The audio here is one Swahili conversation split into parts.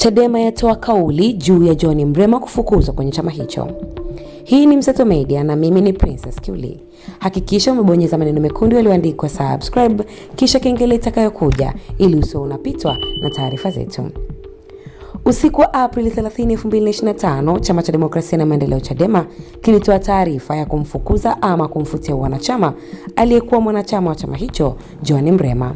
Chadema yatoa kauli juu ya John Mrema kufukuzwa kwenye chama hicho. Hii ni Mseto Media na mimi ni Princess Kiuli. Hakikisha umebonyeza maneno mekundu yaliyoandikwa subscribe, kisha kengele itakayokuja ili usio unapitwa na taarifa zetu. Usiku wa Aprili 30, 2025, chama cha demokrasia na maendeleo Chadema kilitoa taarifa ya kumfukuza ama kumfutia wanachama aliyekuwa mwanachama wa chama hicho John Mrema.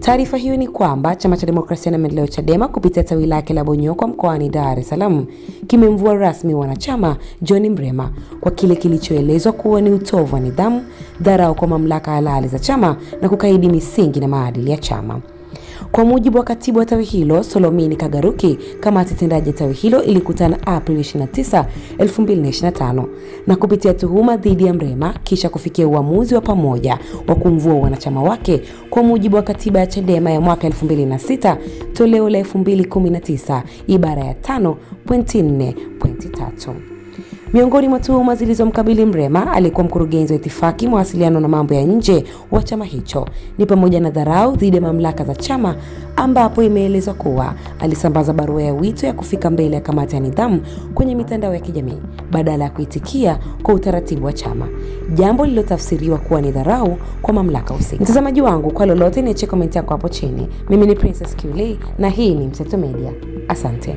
Taarifa hiyo ni kwamba chama cha demokrasia na maendeleo Chadema kupitia tawi lake la Bonyokwa mkoani Dar es Salaam kimemvua rasmi wanachama John Mrema kwa kile kilichoelezwa kuwa ni utovu wa nidhamu, dharau kwa mamlaka halali za chama na kukaidi misingi na maadili ya chama. Kwa mujibu wa katibu wa tawi hilo Solomini Kagaruki, kamati tendaji ya tawi hilo ilikutana Aprili 29, 2025 na kupitia tuhuma dhidi ya Mrema kisha kufikia uamuzi wa pamoja wa kumvua wanachama wake kwa mujibu wa katiba ya Chadema ya mwaka 2006 toleo la 2019 ibara ya 5.4.3. Miongoni mwa tuhuma zilizomkabili Mrema aliyekuwa mkurugenzi wa itifaki, mawasiliano na mambo ya nje wa chama hicho ni pamoja na dharau dhidi ya mamlaka za chama, ambapo imeelezwa kuwa alisambaza barua ya wito ya kufika mbele ya kamati ya nidhamu kwenye mitandao ya kijamii badala ya kuitikia kwa utaratibu wa chama, jambo lililotafsiriwa kuwa ni dharau kwa mamlaka husika. Mtazamaji wangu, kwa lolote niache komenti yako hapo chini. Mimi ni Princess Kiuli na hii ni Mseto Media. Asante.